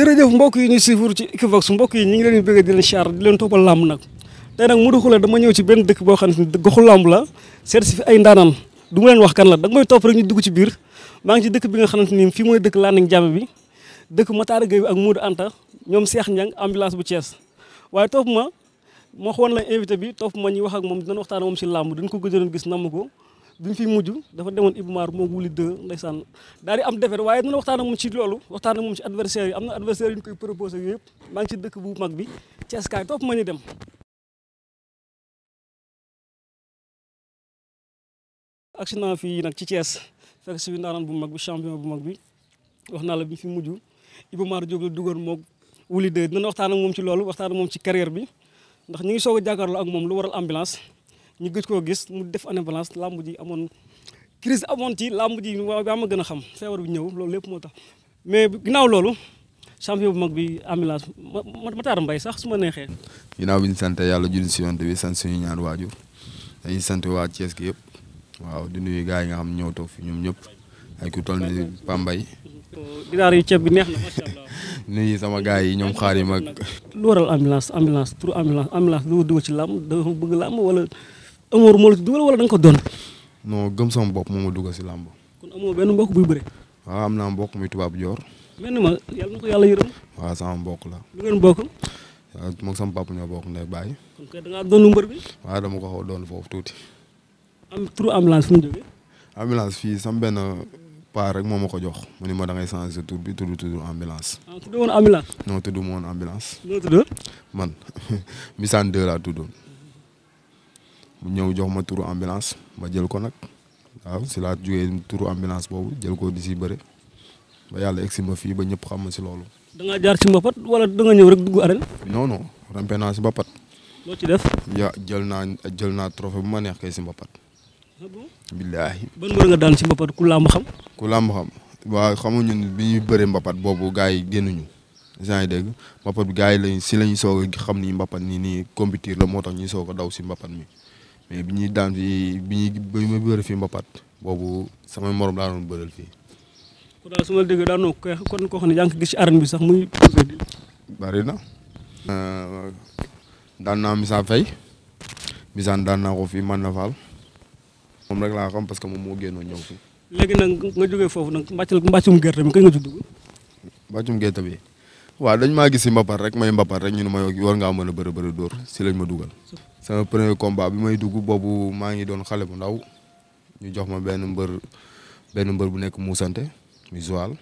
jërëjëf mbokk yi ñu suivre ci Equivox mbokk yi ñu ngi leen di bëgg di leen char di leen toppal nag tey nag mu duxule dama ñëw ci benn dëkk boo xam ne goxu làmb la seet si fi ay du ma leen wax kan la da may topp rek ñu dugg ci biir maa ngi ci dëkk bi nga xamante ni fii mooy dëkk Landing Diamé bi dëkk Matar Gueye bi Anta ñoom Cheikh Niang ambulance bu Thiès waaye topp ma moo xoon na invité bi topp ma ñuy wax ak moom dinañ waxtaan moom si làmb dañ ko gëjoon gis nama ko bi mu fi mujj dafa demoon Ibou Mar moo wuli deux ndeysaan daal di am defet waaye dina waxtaan ak ci loolu waxtaan ak moom ci adversaire yi am na yëpp maa ngi ci dëkk bu mag bi Thiès kaay ma ñu dem accident fii nag ci Thiès fekk si ndaanaan bu mag bi champion bu mag bi wax naa la bi mu fi mujj Ibou maar Diop la duggoon moog wuli deux dina waxtaan ak moom ci loolu waxtaan moom ci carrière bi ndax ñu ngi soog a jàkkaarloo ak moom lu waral ambulance ñu gëj koo gis mu def année balance làmb ji amoon crise amoon ci làmb ji waaw yaa ma gën a xam feebar bi ñëw loolu lépp moo tax mais ginnaaw loolu champion bu mag bi ambulance Matar Mbaye sax su ma neexee. ginnaaw bi sant yàlla julli si yonte bi sant suñu ñaar waajur dañuy sant waa Thiès gi yëpp waaw di nuyu gars yi nga xam ñëw fi ñoom ñëpp ay ku toll ni Pambay. ginaar yu ceeb gi neex na macha sama gars yi ñoom xaar yi mag. lu waral ambulance ambulance pour ambulance ambulance ci làmb da bëgg làmb wala. amoor moo la ci dugal wala da nga ko doon. non gëm sama bopp moo ma dugal si làmb. kon amoo benn mbokk buy bëre. waaw am naa mbokk muy tubaab joor. mel ni ma yàlla na ko yàlla yërëm. waaw sama mbokk la. lu ngeen bokk. waaw moom sama papa ñoo bokk ndey bàyyi. kon kay da ngaa doon mbër bi. waaw dama ko xaw doon foofu tuuti. am turu ambulance fu mu jógee. ambulance fii sam benn paar rek moo ma ko jox mu ne ma da ngay changer sa tur bi tudd tudd ambulance. ah tudd woon ambulance. non tudd ma woon ambulance. noo tudd. man Missane 2 laa tuddoon. mu ñëw jox ma turu ambulance ma jël ko nag waaw si laa jógee turu ambulance boobu jël ko di si bëre ba yàlla egsi ma fii ba ñëpp xam ma si loolu. da ngaa jaar wala da ñëw rek dugg arène. non si mbapat. loo ci def. jël naa jël naa trophée ma neex kay si mbapat. Ah billaahi. ban mbër daan si mbapat ku làmb ku làmb xam waaw xamuñu bi ñuy bëre mbapat boobu gars yi génnuñu. yaa ngi dégg mbapat bi yi lañ si lañ soog a xam ni mbapat nii nii compétir la moo tax ñuy soog a daw si mbapat mi. mais bi ñuy daan fii bi ñuy bi ma bëri fii mbapat boobu samay morom laa doon bëral fii. kon su ma la déggee daal kon koo xam ne yaa ngi gis ci arène bi sax muy. bari na. Euh, daan naa Missa Faye Missane daan naa ko fii man na faal moom rek laa xam parce que moom moo génnoon ñëw fii. léegi nag nga jógee foofu nag mbàccal mbàccum gerte bi kañ nga ci dugg. mbàccum gerte bi waaw dañ maa gis si mbapat rek may mbapat rek ñu ne ma war ngaa mën a bëri bëri dóor si lañ ma dugal. sama premier combat bi may dugg boobu maa ngi doon xale bu ndaw ñu jox ma benn mbër benn mbër bu nekk muusante muy Joal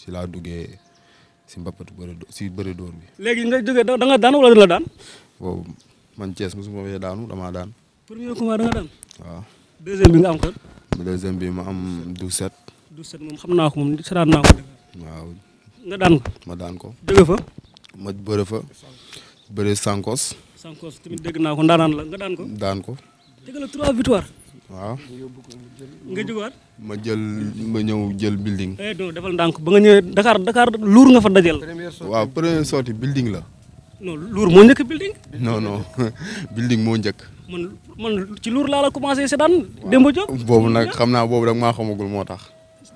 si laa duggee si mbappatu bëre si bëre dóor bi. léegi nga daan wala da la daanu damaa daan. premier combat da nga daan. waaw. deuxième bi nga am kan. deuxième bi ma am douze sept. douze sept moom xam naa ko moom saraan naa ko. waaw. nga daan ma daan ko. jóge fa. ma bëre fa. Sankos. Sonkoos dégg naa ko ndaanaan la nga daan ko. daan ko. dégg la ma jël ma ñëw jël building. eh non defal ndànk ba nga ñëwee Dakar Dakar luur nga fa dajal. waaw première sortie building la. non luur moo njëkk building. non non building moo njëkk. man man ci luur laa la commencé seetaan. Demba Diop boobu nag xam naa boobu nag maa xamagul moo tax.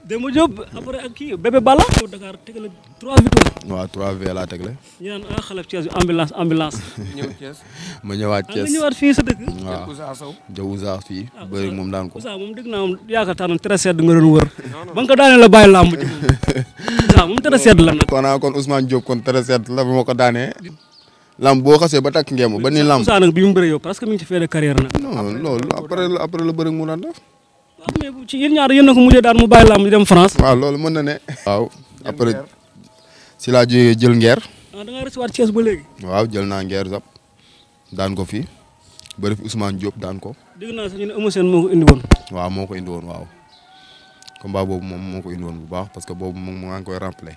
Demba Diop après ak kii bébé Balla. Dakar tegle 3 victoires. waaw 3 V laa tegle. ñu naan ah xale Thiès ambulance ambulance. ñëw Thiès. ma ñëwaat ah, Thiès nga ñëwaat fii sa dëkk. waaw Ousa Sow. ja Ousa fii ah, bëri moom daan ko. Ousa moom dégg naa moom yaakaar naa très sedd nga doon wër. ba daanee la bàyyi làmb ji. moom très sedd la nag. kon ah, kon Ousmane Diop kon très sedd la bu ma ko daanee. lamb boo xasee ba takk ngeem ba ni lamb. Ousa nag bi mu bëri yow parce que waaw mais ci yéen ñaar yéen a ko mujjee daal mu dem France. waaw loolu mën na ne. waaw après si laa jël jël ngeer. ah da ngaa recevoir Thiès ba waaw jël naa ngeer sax daan ko fi bëri fi Ousmane Diop daan ko. dégg naa sax ñu ne Eumeu moo ko indi waaw moo boobu moom moo ko indi bu baax parce que boobu moom maa ngi koy remplir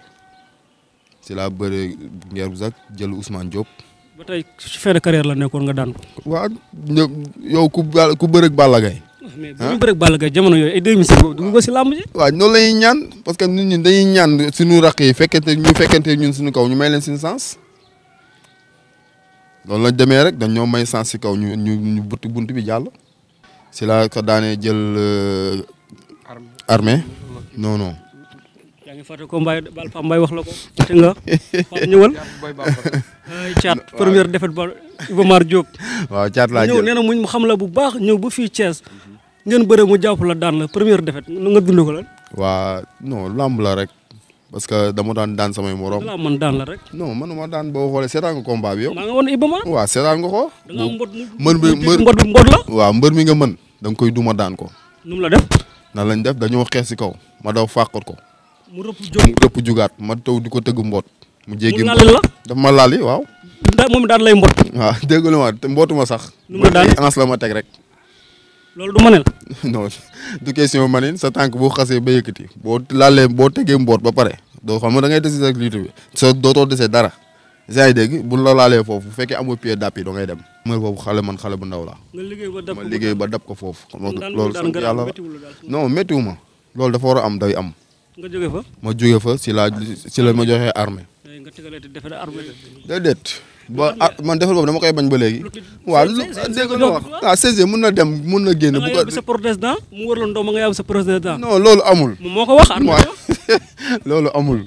si laa bëri ngeer bu sax jël tey la nekkoon nga daan ko. waaw yow ku ku bëreeg mais bu ñu jamono yooyu ay 2006 boobu dugg ko si làmb ji. waaw noonu la ñuy ñaan parce que ñun dañuy ñaan suñu raq yi fekkente ñu fekkente ñun suñu kaw ñu may leen suñu sens. loolu la demee rek dañ ñoo may sens si kaw ñu ñu ñu bunt bunt bi jàll. si laa ko daanee jël. Euh, armée non non. yaa ngi fàtte ko Mbaye Bal Pam Mbaye wax la ko te nga Pape ñëwal euh, caat première défaite ba Iba Mar waaw caat laa jël ñëw nee mu xam la bu baax ñëw ba fii Thiès. ngeen bëre mu jàpp la daan la première défaite nga dund ko lan. waa non lamb la rek parce que dama daan daan samay morom. laa man daan la rek. non man ma daan boo xoolee seetaan nga combat bi yow. maa nga woon Ibama. waaw seetaan nga mbër mi nga mën da koy duma daan ko. nu la def. nan lañ def dañoo xeex si kaw ma daw fàqat ko. mu rëpp jóg ma taw di ko tëgg mboot. mu jéggi mboot ma laali waaw. da moom daan lay mbot. waaw dégg nga lu ma mbootuma sax. nu mu la ma teg rek loolu du mënel non du question manin sa tànk boo xasee ba yëkkati boo laalee boo tegee mboot ba pare doo xam nga da ngay desi ak liitu bi doo too desee dara yaa ngi dégg bu la laalee foofu bu fekkee amoo pied d'appui da dem. mooy boobu xale man xale bu ndaw laa. nga ma liggéey ba dab ko foofu. loolu sant yàlla la non méttiwu ma loolu dafa war a am day am. nga jóge fa. ma jóge fa si la si la ma joxee armée. nga tegalee ba ah man defar boobu dama koy bañ ba léegi. waaw dégg nga ah, na dem mun na génn. bu ko sa protestant mu war la am sa protestant. non loolu amul. moo ko wax loolu amul.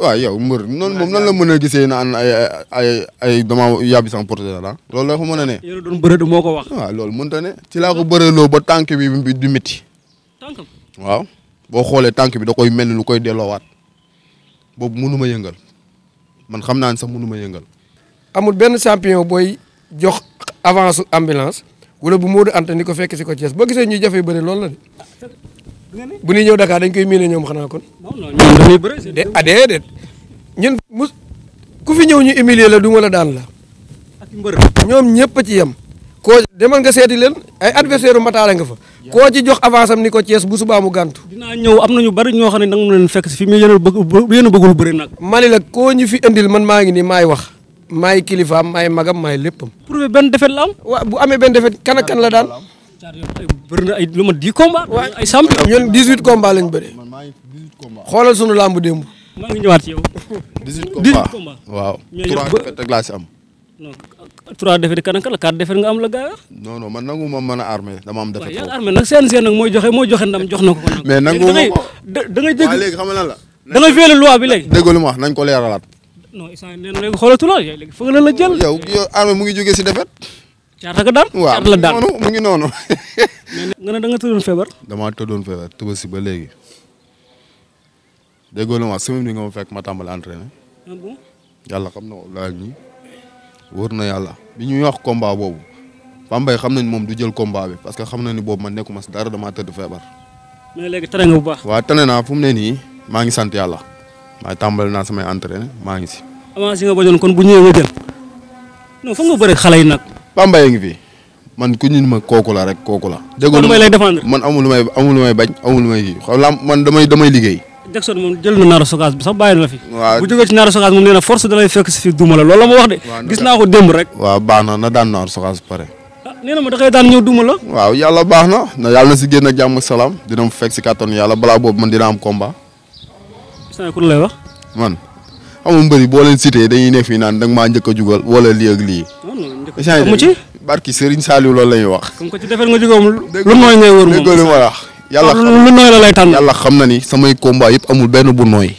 waaw yow mbër noonu moom nan la mën a gisee naan ay ay ay dama yàbbi sama protestant ah. loolu la ko mën a ne. yéen doon moo ko wax. waaw loolu mënut ne ci laa ko ba tànk bi du métti. tànk waaw boo xoolee tànk bi da koy mel ni lu koy delloowaat boobu mënu yëngal man xam naa ne sax mënu yëngal amul benn champion booy jox avance ambulance wala bu Modou Anta ni ko fekk si ko Thiès boo gisee ñuy jafe bëri loolu la de bu ñuy ñëw Dakar dañ koy miine ñoom xanaa kon. de ah déedéet ñun mus fi ñëw ñu humilier la du ma daan la. ñoom ñëpp ci yem. koo demal nga seeti leen ay adversaire u mataale nga fa koo ci jox avance am ni ko Thiès bu subaa mu gàntu dinaa ñëw am nañu bari ñoo xam ne nangu leen fekk si fi mu yéen a bëgg yéen a bëggul bëri nag mali la koo ñu fi indil man maa ngi nii maay wax maay kilifaam maay magam may léppam. pour benn defet la am. bu amee benn defet kan ak la daan. bëri na ay lu ma dix combat. ay champion ñun dix huit combat lañ bëri. xoolal sunu làmb démb. maa ngi ñëwaat ci yow. dix huit combat waaw. trois defet rek laa si am. non trois defet kan ak kan la quatre defet nga am la gaa. man nangu ma mën a armé dama am. defet nag seen seen nag mooy joxe mooy joxe ndam jox na ko. mais nangu ma da ngay dégg léegi xam nga lan la. da ngay bi léegi. dégg lu ma wax nañ ko leeralaat non instant yii nee léegi xoolatu la léegi foog la la jël. yow yow Armé mu ngi jógee si defet caata ko daan waaw la daan noonu mu ngi noonu. nga ne da nga tëddoon feebar. damaa tëddoon feebar tuba si ba léegi ma semaine bi nga fekk ma tàmbali entraîné. Ah yàlla xam na laaj ñi wóor na yàlla bi ñuy wax combat boobu Pambay xam nañ moom du jël combat bi parce que xam na ni boobu man nekkuma si dara damaa tëdd feebar. léegi tane bu baax. waaw tane naa fu mu ne nii maa ngi sant yàlla. waaye tàmbali naa samay entraîné maa ngi si. avancé nga bañoon kon bu ñëwee nga jël. non xale yi nag. Bambaye ngi fi man ku ñu ma kooku rek kooku la. déggoo man lay défendre man amul lu may amul lu may bañ amul lu may damay damay liggéey. Jackson moom jël na naaru sokaas bi sax bàyyi na la fi. waaw bu jógee ci naaru sokaas na la loolu la ma wax de. gis naa ko démb rek. waaw baax na na daan naaru sokaas pare. ah nee ma da daan ñëw duuma waaw yàlla baax na na yàlla na si génn ak jàmm ak salaam dina mu fekk si kàttan yàlla balaa boobu man dina am combat Ousseyn ku lay wax. man xam nga mbëri boo leen cité dañuy nekk fii naan danga maa njëkk a jugal wala lii ak lii. amu ci barki Serigne Saliou loolu la wax. comme que ci defar nga jógoom lu nooy ngay wër moom dégg yàlla la lay tànn yàlla xam na ni samay combat yëpp amul benn bu nooy.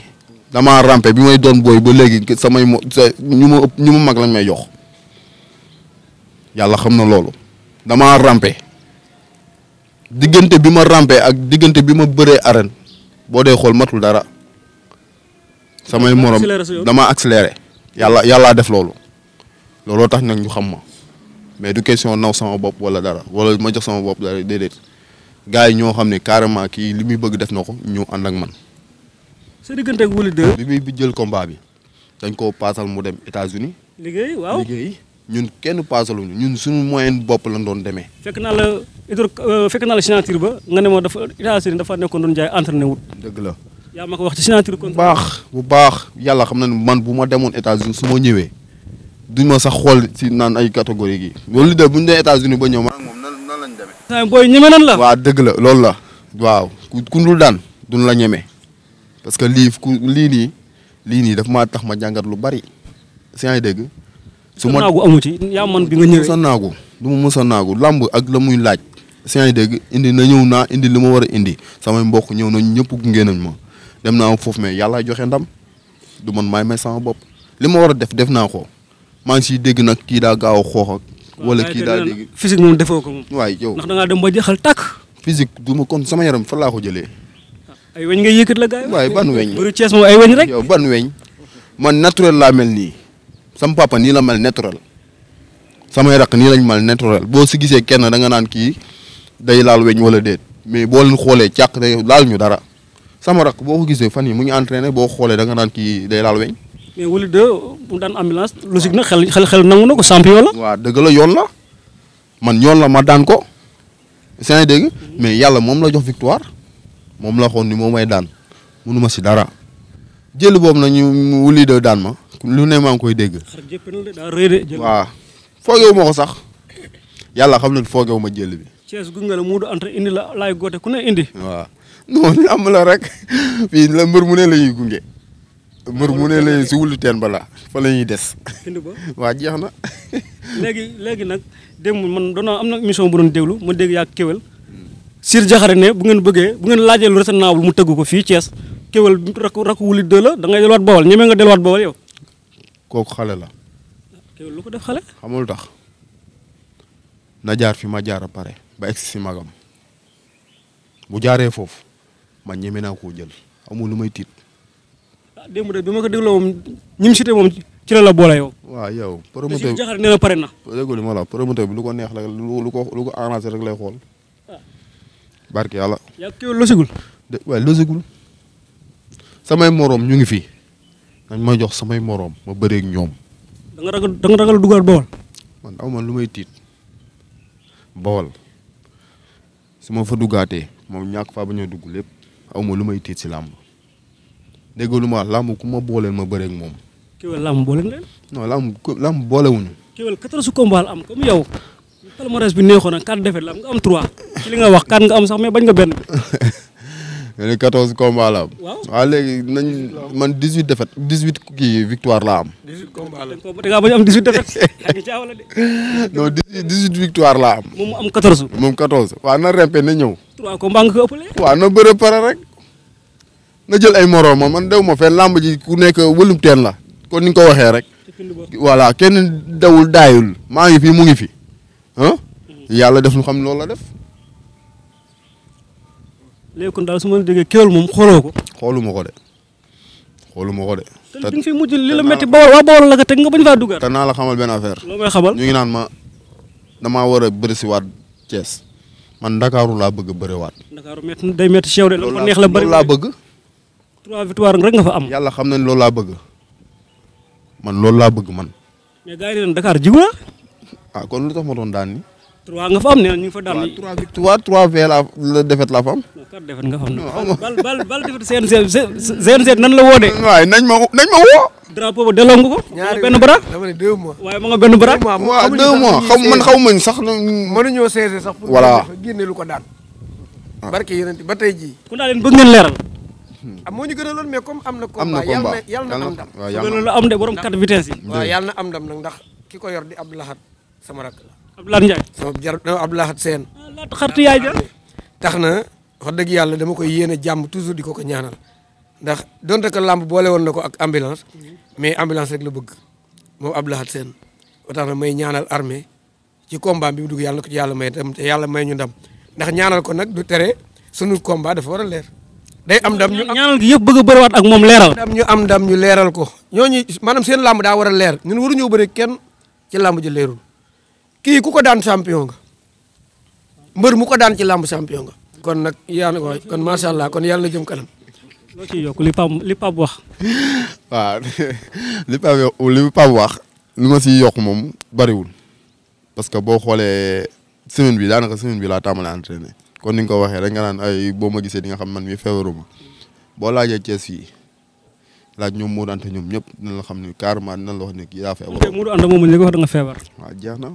damaa rampé bi may doon booy ba léegi samay mo ñu ma ëpp ñu ma mag lañ may jox yàlla xam na loolu damaa rampé diggante bi ma rampé ak diggante bi ma bëree arène boo dee xool matul dara. samay morom dama accéléré yàlla yàllaa def loolu looloo tax nag ñu xam ma mais du question naw sama bopp wala dara wala ma jox sama bopp dara déedéet gars yi ñoo xam ne carrément kii li muy bëgg def na ko ñu ànd ak man. sa diggante ak Wouly 2. bi muy jël combat bi dañ koo paasal mu dem états uni liggéey waaw ñun kenn paasaluñu ñun suñu moyen bopp lañ doon demee. fekk naa la euh, fekk naa la ba nga ne ma dafa États-Unis dafa nekkoon doon jaay entraîné wut. dëgg la. yaa ma ko wax ci signature bu baax bu baax yàlla xam na ne man bu ma demoon États-Unis su ma ñëwee duñ ma sax xool si naan ay catégorie gi loolu de bu ñu dee États-Unis ba ñëw ma. moom nan nan lañ demee. booy ñeme dëgg la loolu la. waaw ku ku daan duñ la ñeme parce que lii lii nii lii nii daf maa tax ma jàngat lu bari si ngi dégg. su ma naagu amu ci yaa man bi nga ñëwee. sa naagu du ma mës a naagu làmb ak la muy laaj si ngi dégg indi na ñëw naa indi lu ma war a indi samay mbokk ñëw nañ ñëpp gunge nañ ma. dem naa foofu mais yàlla joxe ndam du man maay may sama bopp li ma war a def def naa ko maa ngi siy dégg nag kii daa gaaw a xoox wala kii daa dégg physique moom defoo ko moom. waay yow dem ba jeexal tàkk. physique du ma kon sama yaram fan laa ko jëlee. Ah, ay nga yëkkat la gars ban weñ bëri Thiès ay weñ rek. yow ban weñ man naturel laa mel nii sama papa nii la mel naturel sama rakk nii lañ mal naturel boo si gisee kenn da nga naan kii day laal weñ wala déet mais boo leen xoolee càq day laal ñu dara. sama rakk boo ko gisee fan yi mu ngi entraîné boo xoolee da nga naan kii day laal weñ. mais wala deux mu daan ambulance logique na xel xel xel nangu na ko champion la. waaw dëgg la yoon man yoon la ma daan ko. sëñ dégg mais yàlla moom la jox victoire moom la xoon ni moom may daan mënu ma si dara jël boobu na ñu wuli de daan ma lu ne maa ngi koy dégg. waaw foogeewu ma ko sax yàlla xam na foogeewu ma jël bi. Thiès gunge la Moodu entre indi la laay goote ku ne indi. waaw non làmb la rek fii la mu ne la ñuy gunge. mbër mu ne la si wulli teen fa la ñuy des. waa jeex na. léegi léegi nag démb man doon am na émission bu doon déglu ma dégg kéwél Sir Diakhar ne bu ngeen bëggee bu ngeen laajee lu raisonnable mu tëgg ko fii cees kéwél rak rak wulli dë la da ngay delluwaat Bawol ñeme nga delluwaat Bawol yow. kooku xale la. kéwél lu ko def xale. xamul tax na jaar fi ma jaar a pare ba egg si magam bu jaaree foofu. man ñeme naa koo jël amul lu may tiit. ah démb de bi ko dégloo moom ñi mu cité moom ci la la boole yow. waaw yow promoteur ne la pare na. dégg li bi lu ko neex rek lu ko lu ko arrangé rek lay xool. Ah. barke yàlla. yaa ngi lo sigul. de waaye lo sigul samay moroom ñu ngi fi nañ ma jox samay moroom ma bëreeg ñoom. da da nga ragal dugal bawal. ma lu may tiit bawal su ma fa moom ñàkk faa ba ñoo dugg lépp. aw ma lu may tiit si làmb dégg lu ma làmb ku ma booleel ma bëreeg moom. Kéwel làmb boole leen. non làmb làmb boolewuñu. Kéwel 14 combats la am comme yow. palmarès bi neexoon na 4 défaites la am nga am 3 ci li nga wax 4 nga am sax mais bañ nga benn. nga ne quatorze combat la am. man dix huit défaite dix huit kii victoire laa am. dix huit combat la am da am dix huit défaite. moom moom quatorze waaw na rempe na ñëw. trois na bëre pare rek. na jël ay moroomam man dew ma fenn làmb ji ku nekk wëlum teen la kon ni nga ko waxee rek. voilà kenn dawul daayul maa ngi mu ngi fi ah. yàlla def lu xam loolu la def. léegi kon daal su ma déggee Kewel moom xooloo ko. xooluma ko de xooluma ko de. te fi mujj li la métti Bawol waa Bawol la ko teg nga bañ faa dugal. te la xamal benn affaire. loo may xamal ñu naan ma damaa war a bëri si waat man Ndakaaru laa bëgg bëriwaat. Ndakaaru day métti si yow de. neex la bëri laa bëgg. trois am. yàlla xam na ne laa bëgg man loolu laa bëgg man. mais gars yi ne Dakar jigu ah, kon lu tax ma doon daan ni trois nga fa am nee ñu ngi fa daan. trois victoire trois la la défaite la fa am. quatre défaite nga fa am. bal bal bal défaite CNG CNG nan la woo de. waay nañ ma nañ ma woo. drapeau ba delloo nga ko. ñaari benn bras dama ne deux mois. waaye ma nga benn bras. waaw deux mois xaw man ah. ba tey jii. ku daal leen bëgg ngeen leeral. ah moo ñu gënaloon mais comme am na. am na combat yàlla na am ndam. waaw yàlla na am ki ko yor di Abdou Lahad sama Abdoulaye Ndiaye sama jar Abdoulaye Sène laat ah, xartu yaay ja tax na wax dëgg yàlla dama koy yéene jàmm toujours di ko ko ñaanal ndax donte que làmb boole woon na ko ak ambulance mais ambulance rek la bëgg moom Abdoulaye Sène ba tax na may ñaanal armée ci combat bi mu dugg yàlla na ko ci yàlla may ndam yàlla may ñu dam ndax ñaanal ko nag du tere sunu combat dafa war a leer day am ndam ñu ñaanal gi yëpp bëgg a ak moom leeral ndam ñu am ndam ñu leeral ko ñooñu maanaam seen làmb daa war a leer waru waruñoo bare kenn ci làmb ji leeru kii ku ko daan champion nga mbër mu ko daan ci làmb champion nga. kon nag yaa na macha allah kon yàlla na jëm kanam. loo ciy yokk li Pape li Pape wax. waaw li Pape li ma siy yokk moom bariwul parce que boo xoolee semaine bi daanaka semaine bi laa tàmbalee entraîné kon ni nga ko waxee rek nga naan ay boo ma gisee di nga xam man mi feebaruma boo laajee Thiès fii. laaj ñoom Modou Anta ñoom ñëpp dina la xam ne carrément dina la wax ne kii daa feebar. tey Modou Anta moom li nga da jeex na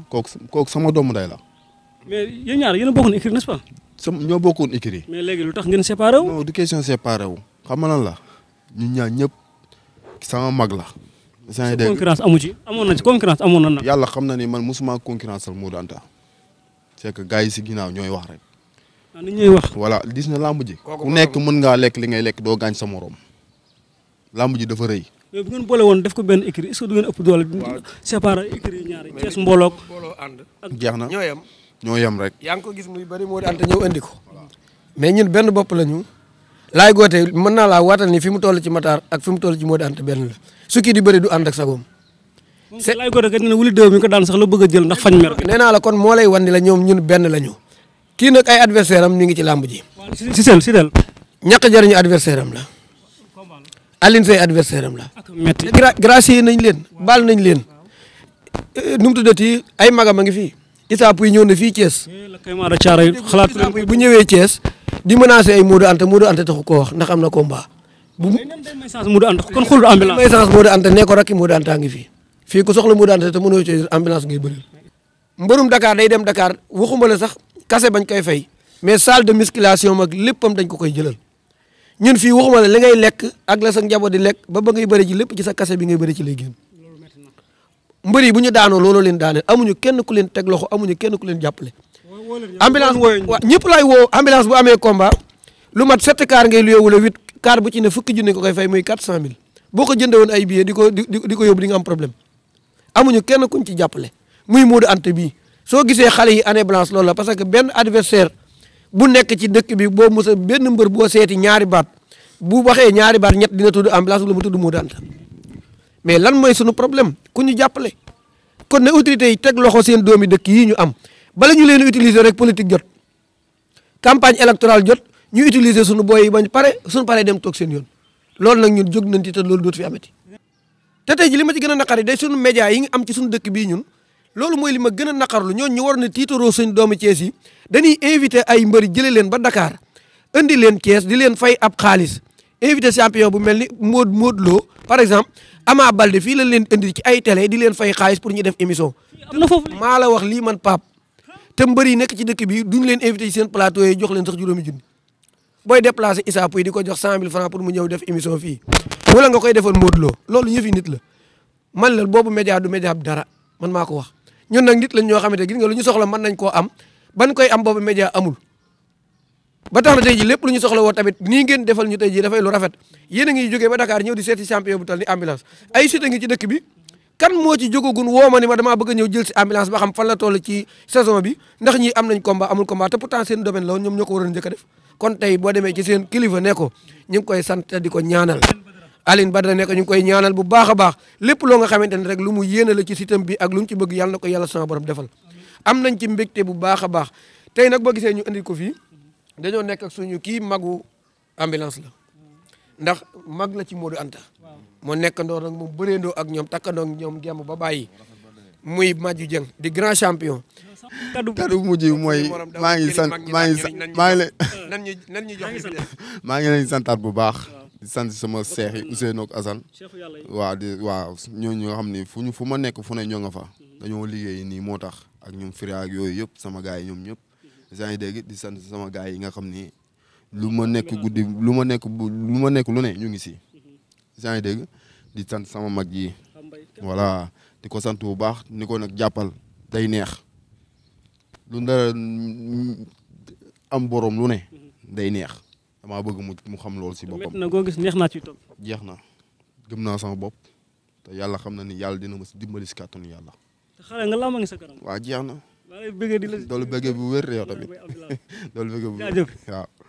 kooku sama doomu day la. mais yéen ñaar yéen a bokkoon écurie n'est-ce ñoo bokkoon léegi lu tax ngeen séparé wu. non du question xam nga lan la ñun ñëpp sama mag la. saa ngi dégg amu ci amoon na ci concurrence amoon na yàlla xam na ni man mosuma concurrence ak Modou Anta c'est yi si ginnaaw ñooy wax rek. ah ñuy wax. voilà gis na làmb ji. ku nekk mën ngaa lekk li ngay lekk doo gaañ sa morom làmb ji dafa rëy. mais boole woon def ko benn écrit est-ce que du ngeen ëpp doole. waaw séparé écrit ñaari Cees mbooloo ak jeex na ñoo yem. ñoo yem rek. yaa ngi ko gis muy bari moo di ante ñëw andi ko. mais ñun benn bopp lañu. laay goote mën naa laa waatal ni fi mu toll ci Matar ak fi mu toll ci moo di ante benn la su kii di bëri du ànd ak sagoom. c'est laay goote kat ne wuli déw mi ko daan sax la bëgg a jël ndax fañ mer. nee naa la kon moo lay wan ni la ñoom ñun benn lañu. kii nag ay adversaire am ñu ngi ci làmb ji. si si si ñàkk jariñu adversaire am la Alioune Seye adversaire am la. métti gracier nañ leen baal nañ leen. Eh, nu mu tuddati ay magam a ngi fii Issa Pouye ñëw na fii Thiès. Eh, xalaat bu ñëwee Thiès. di menacer ay Modou Anta Modou Anta taxu koo wax ndax am na combat. bu mu kon xul ambulance. message Modou Anta nee ko rakki Modou Anta ngi fii fii ku soxla Modou Anta te mënoo ci ambulance ngay bëri. mbërum Dakar day dem Dakar waxuma la sax kase bañ koy fay mais salle de musculation mag léppam dañ ko koy jëlal. ñun fii waxuma la li ngay lekk ak la sa njaboot di lekk ba ba ngay bëri ci lépp ci sa kase bi ngay bëri ci lay génn mbëri bu ñu daanoo looloo leen daaneel amuñu kenn ku leen teg loxo amuñu kenn ku leen jàppale. ambulance waaw ñëpp laay woo ambulance bu amee combat lu mat sept car ngay luyee wala huit bu ci ne fukki junni ko koy fay muy quatre cent mille boo ko jëndee woon ko di di ko yóbbu amuñu kenn kuñ ci jàppale muy Modou Anta bi soo gisee xale yi année blanche loolu la parce que benn adversaire bu nekk ci dëkk bi boo mos benn mbër boo seeti ñaari baat bu waxee ñaari baat ñett dina tudd ambulance wala mu tudd Modou Anta mais lan mooy sunu problème ku ñu jàppale. kon ne autorités yi teg loxo seen doomi dëkk yii ñu am bala ñu leen utiliser rek politique jot campagne électorale jot ñu utiliser sunu boy yi bañ pare sunu pare dem toog seen yoon loolu nag ñun jóg nañ ci te loolu dootu fi amati. te tey ji li ma ci gën a naqari day sunu média yi nga am ci sunu dëkk bii ñun. loolu mooy li ma gën a naqarlu ñoo ñu war na tiitaroo suñ doomu Thiès yi dañuy invité ay mbëri jëlee leen ba Dakar indi leen Thiès di leen fay ab xaalis invité champion bu mel ni Mod Mod loo par exemple Ama Balde fii lañ leen indi ci ay télé di leen fay xaalis pour ñu def émission. maa la wax lii man Pape te mbër yi nekk ci dëkk bi duñ leen invité seen plateau yi jox leen sax juróomi junni booy déplacé Issa Pouye di ko jox cent mille francs pour mu ñëw def émission fii wala nga koy defal Mod Lo loolu yëfi nit la man la boobu média du média dara man maa ko wax. ñun nag nit la ñoo xamante gis nga lu ñu soxla man nañ koo am ban koy am boobu média amul ba tax na tey ji lépp lu ñu soxla woo tamit nii ngeen defal ñu tey ji dafay lu rafet yéen ngi jógee ba Dakar ñëw di seeti champion bu tal ni ambulance ay site ngi ci bi kan moo ci jógagum woo ma ni ma damaa bëgg ñëw jël si ambulance ba xam fan la toll ci saison bi ndax ñi am nañ combat amul combat te pourtant seen domaine la woon ñoom ñoo ko waroon njëkk a def kon tey boo demee ci seen kilifa ne ko ñu ngi koy sant di ko ñaanal Aline Badara nekk ñu ngi koy ñaanal bu baax a baax lépp loo nga xamante ne rek lu mu yéene la ci système bi ak lu mu ci bëgg yàlla na ko yàlla sama borom defal am nañ ci mbégte bu baax a baax tey nag boo gisee ñu indi ko fii dañoo nekk ak suñu kii magu ambulance la ndax mag la ci Modou Anta moo nekkandoo nag mu bëreendoo ak ñoom takkandoo ñoom gemb ba bàyyi muy Maju Dieng di grand champion. kaddu bu mujj mooy maa ngi sant maa ngi sant maa ngi leen. maa ngi leen bu baax. di sant sama seex yi Ousseynou ak Assane waaw di waaw ñooñu nga xam ne fu ñu fu ma nekk fu ne ñoo nga fa mhm. dañoo liggéey nii moo tax ak ñoom Fira ak yooyu yëpp sama gars yi ñoom ñëpp mhm. yaa ngi di sant sama gars yi nga xam ni lu ma nekk guddi ma nekk bu ma nekk lu ne ñu ngi si mhm. yaa ngi di sant sama mag yi wala di ko sant bu baax ni ko nag jàppal day neex lu mm, mm, am borom lu ne day neex damaa bëgg mu mu xam loolu si boppam. na koo gis neex naa ci topp. jeex na gëm naa sama bopp te yàlla xam na ni yàlla dina ma si dimbali si kàttanu yàlla. te xale nga làmb ngi na. maa ngi bëggee di bu wér yow tamit doolu bëggee bu